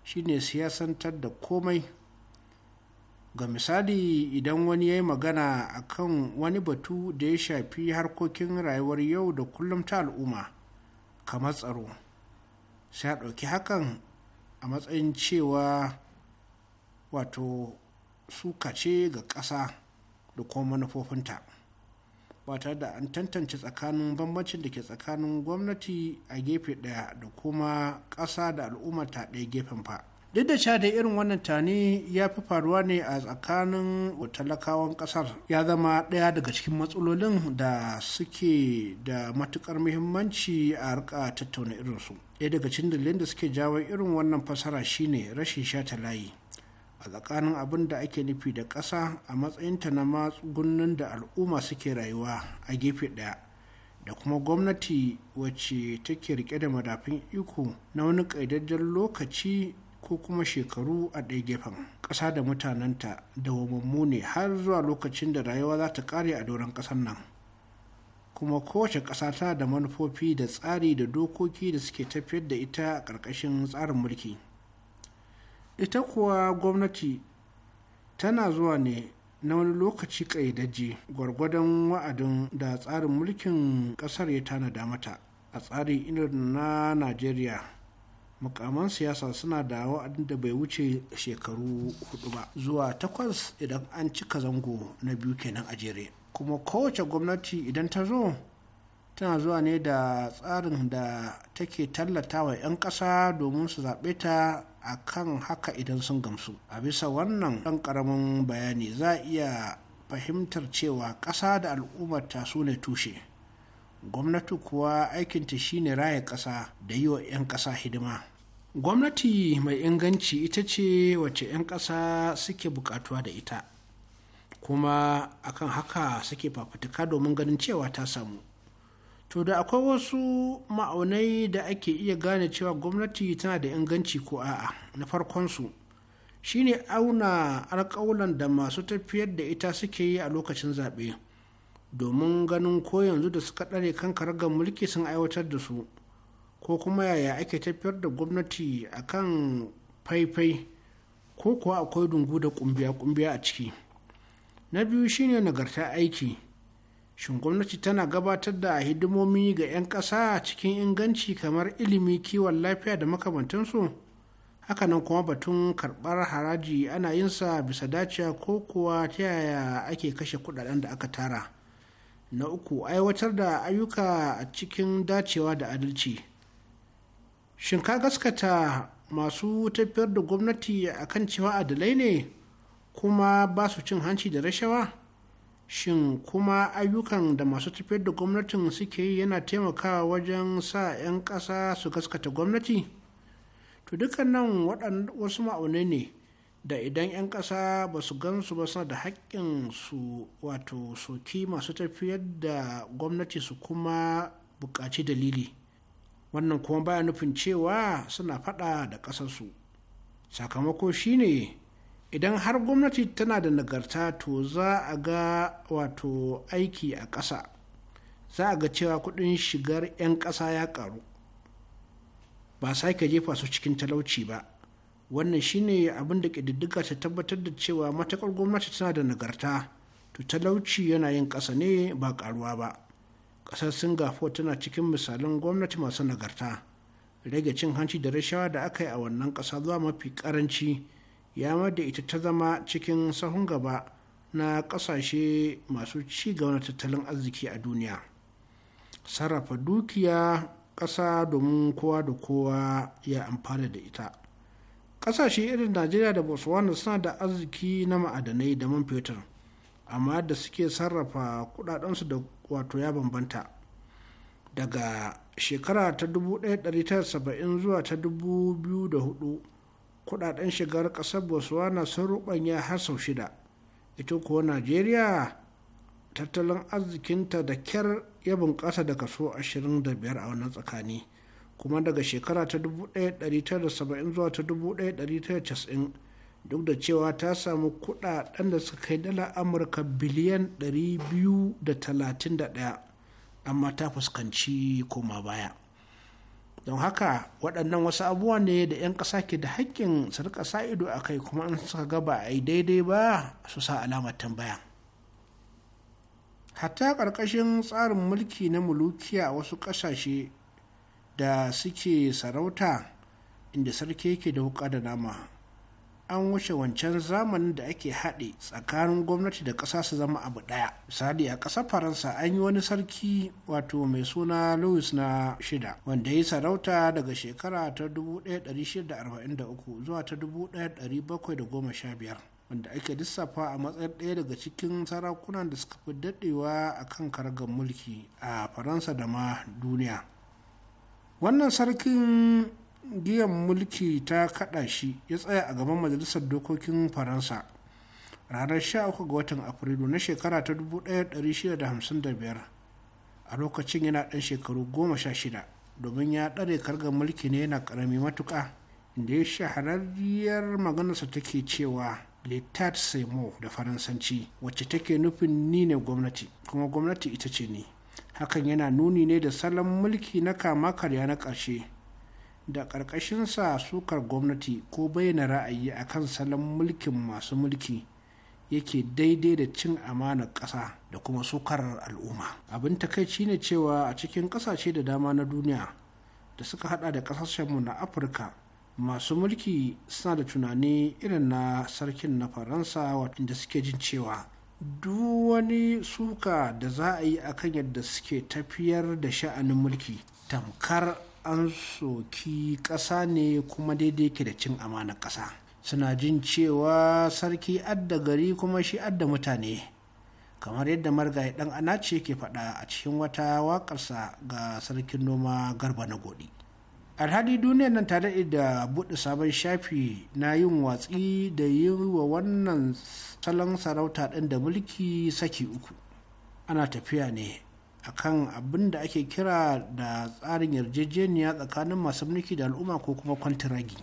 shine siyasantar da komai ga misali idan wani ya yi magana a kan wani batu da ya shafi harkokin rayuwar yau da kullum ta al'umma kamar tsaro sai a ɗauki hakan a matsayin cewa wato suka ce ga ƙasa da kuma manufofinta ba tare da an tantance tsakanin bambancin da ke tsakanin gwamnati a gefe ɗaya da kuma ƙasa da al'umma ta ɗaya gefen fa duk da da irin wannan tani ya fi faruwa ne a tsakanin talakawan ƙasar ya zama ɗaya daga cikin matsalolin da suke da matuƙar muhimmanci a rika tattauna irinsu ɗaya daga cikin dalilin da suke jawo irin wannan fasara shine rashin sha ta layi a tsakanin abin da ake nufi da ƙasa a matsayinta na matsugunin da al'umma suke rayuwa a gefe ɗaya da kuma gwamnati wacce take rike da madafin iko na wani ƙaidajjen lokaci ko kuma shekaru a ɗaya gefen ƙasa da mutanenta da wamammu ne har zuwa lokacin da rayuwa za ta ƙare a doron ƙasar nan kuma kowace ƙasa ta da manufofi da tsari da dokoki da suke tafiyar da ita a ƙarƙashin tsarin mulki. ita kuwa gwamnati tana zuwa ne na wani lokaci daji gwargwadon wa'adin da tsarin mulkin ƙasar ya tanada mata a tsarin inar na najeriya mukaman siyasa suna da wa'adin da bai wuce shekaru hudu ba zuwa takwas idan an cika zango na biyu kenan a jere kuma kowace gwamnati idan ta zo tana zuwa ne da tsarin da take tallatawa 'yan ƙasa domin su zaɓe ta a kan haka idan sun gamsu a bisa wannan ɗan ƙaramin bayani za a iya fahimtar cewa ƙasa da al'ummarta su ne tushe gwamnati kuwa aikinta shine raya ƙasa da yi wa 'yan ƙasa hidima gwamnati mai inganci ita ce wacce 'yan ƙasa suke buƙatuwa da ita kuma akan haka suke fafutuka domin ganin cewa ta samu to da akwai wasu ma'aunai da ake iya gane cewa gwamnati tana da inganci ko a'a na farkon farkonsu shine auna alƙawulan da masu tafiyar da ita suke yi a lokacin zaɓe domin ganin ko yanzu da suka ɗare kan karagar mulki sun aiwatar da su ko kuma yaya ake tafiyar da gwamnati a kan faifai ko kuwa akwai dungu da ƙumbiya kumbiya a ciki na biyu shine nagarta aiki shin gwamnati tana gabatar da hidimomi ga 'yan ƙasa cikin inganci kamar ilimi kiwon lafiya da makamantansu hakanan kuma batun karɓar haraji ana yinsa bisa dacewa ko kuwa ta yaya ake kashe kudaden da aka tara na uku aiwatar da ayyuka a cikin dacewa da adalci shin ka gaskata masu tafiyar da gwamnati akan cewa adalai ne kuma ba su cin hanci da rashawa? shin kuma ayyukan da masu tafiyar da gwamnatin suke yi yana taimakawa wajen sa 'yan ƙasa su gaskata gwamnati to dukkanin waɗan wasu ma'aunai ne da idan 'yan ƙasa ba su gansu ba suna da haƙƙin su wato soki masu tafiyar da gwamnati su kuma buƙaci dalili wannan kuma baya nufin cewa suna faɗa da ƙasarsu sakamako shine idan har gwamnati tana da nagarta to za a ga wato aiki a ƙasa za a ga cewa kuɗin shigar 'yan ƙasa ya ƙaru ba sake jefa su cikin talauci ba wannan shine abin da ƙididdiga ta tabbatar da cewa matakar gwamnati tana da nagarta to talauci yana yin ƙasa ne ba ƙaruwa ba ƙasar singapore tana cikin misalin gwamnati masu nagarta rage cin hanci da rashawa da aka yi a wannan ƙasa zuwa mafi ƙaranci ya mada ita ta zama cikin sahun gaba na kasashe masu ci gaba na tattalin arziki a duniya sarrafa dukiya ƙasa domin kowa da kowa ya amfana da ita ƙasashe irin najeriya da botswana suna da arziki na ma'adanai da man fetur amma da suke sarrafa kudadensu da wato ya bambanta daga shekara ta 1970 zuwa ta 2004 kudaden shigar kasar botswana sun rubanya har sau shida ita kuwa najeriya tattalin arzikinta da kyar ya bunƙasa da kaso 25 a wannan tsakani kuma daga shekara ta 1970 zuwa ta 1990 duk da cewa ta samu kudaden da suka kai dala amurka biliyan 231 amma ta fuskanci koma baya don haka waɗannan wasu abubuwa ne da 'yan ƙasa ke da haƙƙin su rika sa ido a kai kuma an suka ga ba a yi daidai ba su sa alamar tambaya hatta ƙarƙashin tsarin mulki na mulukiya a wasu ƙasashe da suke sarauta inda sarki yake da wuƙa da nama an wuce wancan zamanin da ake haɗe tsakanin gwamnati da ƙasa su zama abu ɗaya misali a ƙasar faransa an yi wani sarki wato mai suna louis na shida wanda ya yi sarauta daga shekara ta 1643 zuwa ta 1715 wanda ake lissafa a matsayin ɗaya daga cikin sarakunan da suka fi daɗewa a kan kargar mulki a faransa da ma duniya wannan sarkin giyan mulki ta kada shi ya tsaya a gaban majalisar dokokin faransa ranar 13 ga watan afrilu na shekara ta 1655 a lokacin yana ɗan shekaru 16 domin ya ɗare karga mulki ne yana karami matuka inda ya shahararriyar maganarsa take cewa letat semo da faransanci wacce take nufin ni ne gwamnati kuma gwamnati ita ce ni hakan yana nuni ne da salon mulki na kama karya na ƙarshe da sa sukar gwamnati ko bayyana ra'ayi a kan salon mulkin masu mulki yake daidai da cin amanar ƙasa da kuma sukar al'umma abin takaici ne cewa a cikin ƙasashe da dama na duniya da suka hada da ƙasashenmu na afirka masu mulki suna da tunani irin na sarkin na faransa waɗanda suke jin cewa duk wani suka da za a yi akan yadda suke tafiyar da sha'anin mulki tamkar an soki ƙasa ne kuma daidai ke da cin amanar ƙasa suna jin cewa sarki adda gari kuma shi adda mutane kamar yadda margaye dan anace ke faɗa a cikin wata waƙarsa ga sarkin noma garba na godi alhali duniyar nan tare da buɗe sabon shafi na yin watsi da yi wa wannan salon sarauta ɗin da mulki saki uku ana tafiya ne akan abin da ake kira da tsarin yarjejeniya tsakanin masu mulki da al'umma ko kuma kwantiragi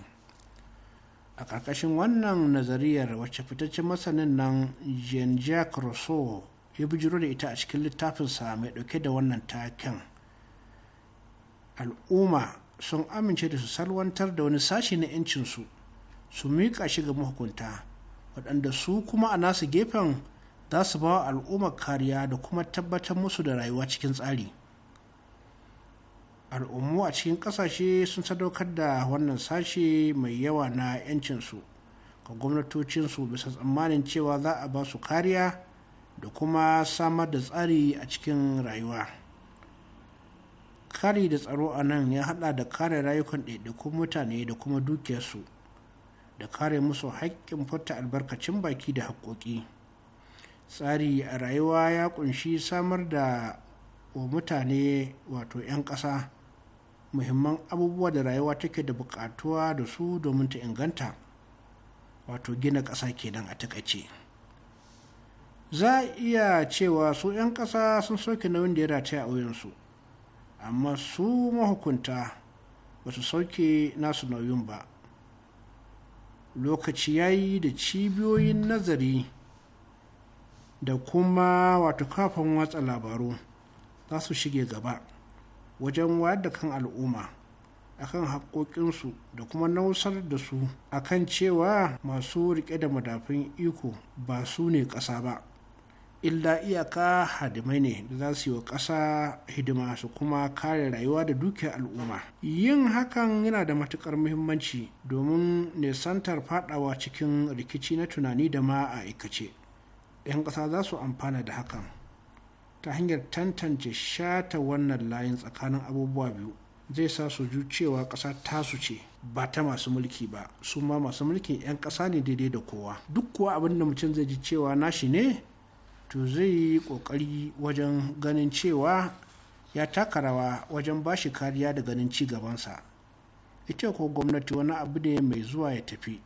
a ƙarƙashin wannan nazariyar wacce fitaccen masanin nan jean-jacques rousseau ya bijiro da ita a cikin littafinsa mai ɗauke da wannan taken al'umma sun amince da su salwantar da wani sashi na 'yancinsu su miƙa shi ga mahukunta waɗanda su kuma a nasu gefen za su ba al'ummar kariya da kuma tabbatar musu da rayuwa cikin tsari al'ummu a cikin ƙasashe sun sadaukar da wannan sashe mai yawa na 'yancinsu ga gwamnatocinsu bisa tsammanin cewa za a ba su kariya da kuma samar da tsari a cikin rayuwa kari da tsaro a nan ya hada da kare rayukan ɗaiɗaikun mutane da kuma dukiyarsu da kare musu haƙƙin furta albarkacin baki da haƙƙoƙi. tsari a rayuwa ya kunshi samar da wa mutane wato 'yan ƙasa muhimman abubuwa da rayuwa take da buƙatuwa da su domin ta inganta wato gina ƙasa kenan a takaice za a iya cewa su 'yan ƙasa sun soke nauyin da ya rataya a wuyansu amma su mahukunta ba su sauke nasu nauyin ba lokaci ya yi da cibiyoyin nazari da kuma wato kafin watsa labaru za su shige gaba wajen wayar da kan al'umma akan haƙoƙinsu da kuma nausar da su akan cewa masu riƙe da madafin iko ba su ne ƙasa ba illa iyaka hadimai ne da za su yi wa ƙasa hidima su kuma kare rayuwa da dukiyar al'umma yin hakan yana da matuƙar muhimmanci domin nisantar faɗawa cikin rikici na tunani da ma a aikace 'yan ƙasa za su amfana da hakan ta hanyar tantance shata wannan layin tsakanin abubuwa biyu zai sa su ju cewa ƙasa tasu ce ba ta masu mulki ba su ma masu mulkin 'yan ƙasa ne daidai da kowa duk kuwa abin da mutum zai ji cewa nashi ne to zai yi ƙoƙari wajen ganin cewa ya taka rawa wajen ba shi kariya da ganin ci gabansa ita ko gwamnati wani abu ne mai zuwa ya tafi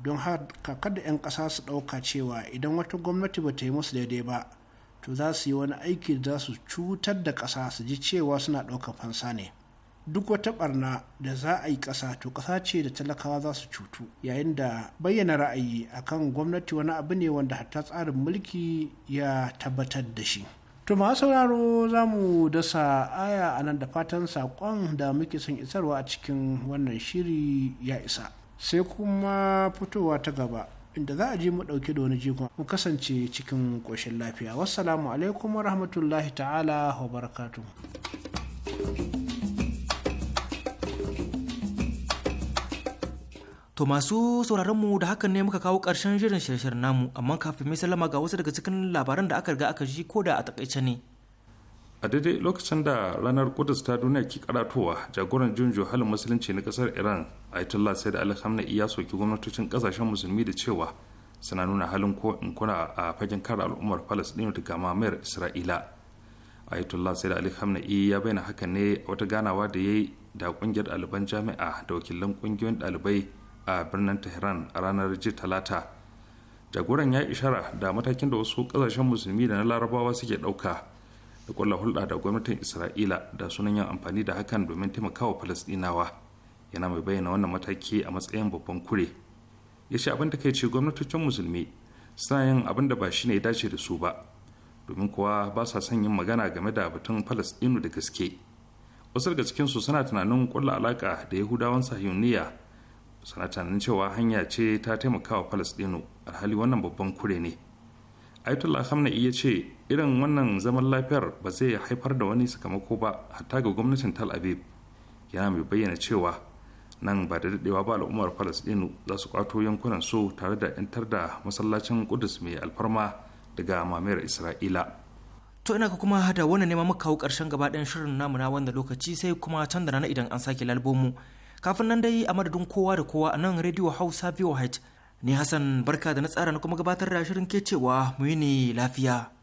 don har da 'yan ƙasa su ɗauka cewa idan wata gwamnati ba ta yi musu daidai ba to za su yi wani aiki da su cutar da ƙasa su ji cewa suna ɗaukar fansa ne duk wata barna da za a yi ƙasa to ƙasa ce da talakawa za su cutu yayin da bayyana ra'ayi akan gwamnati wani abu ne wanda hatta tsarin mulki ya tabbatar da shi to ma sauraro za mu dasa aya a nan da fatan saƙon da muke son isarwa a cikin wannan shiri ya isa sai kuma fitowa ta gaba inda za a ji mu ɗauki da wani jikon mu kasance cikin ƙoshin lafiya wassalamu alaikum wa rahmatullahi ta'ala wa barakatu. To masu sauraron mu da hakan ne muka kawo ƙarshen shirin shirye namu amma kafin mai sallama ga wasu daga cikin labaran da aka riga aka ji ko da a takaice ne. a daidai lokacin da ranar kudus ta duniya ke karatowa jagoran jin halin musulunci na kasar iran ayatollah sai da khamenei ya soki gwamnatocin kasashen musulmi da cewa suna nuna halin ko in kuna a fagen kare al'ummar palestine daga mamayar isra'ila ayatollah sai da khamenei ya bayyana haka ne wata ganawa da ya yi da kungiyar ɗaliban jami'a da wakilan kungiyoyin ɗalibai a birnin tehran a ranar ji talata jagoran ya ishara da matakin da wasu kasashen musulmi da na larabawa suke ɗauka da kulla hulɗa da gwamnatin isra'ila da sunan yin amfani da hakan domin taimakawa falasɗinawa yana mai bayyana wannan mataki a matsayin babban kure ya ce abin da kai gwamnatocin musulmi suna yin abin da ba shi ne ya dace da su ba domin kuwa ba sa son yin magana game da batun falasɗinu da gaske wasu daga cikinsu suna tunanin kulla alaka da yahudawan sahiyuniya suna tunanin cewa hanya ce ta taimakawa falasɗinu alhali wannan babban kure ne Aitullah Khamenei ya ce irin wannan zaman lafiyar ba zai haifar da wani sakamako ba hatta ga gwamnatin Tal Aviv yana mai bayyana cewa nan ba da daɗewa ba al'ummar Falasɗinu za su kwato yankunan su tare da 'yantar da masallacin Kudus mai alfarma daga mamayar Isra'ila. To ina ka kuma da wannan nema muka kawo ƙarshen gaba ɗayan shirin namu na wannan lokaci sai kuma can da rana idan an sake lalbomu. Kafin nan dai a madadin kowa da kowa a nan Radio Hausa VOH ni hassan barka da na tsara na kuma gabatar da shirin ke cewa mu yi ne lafiya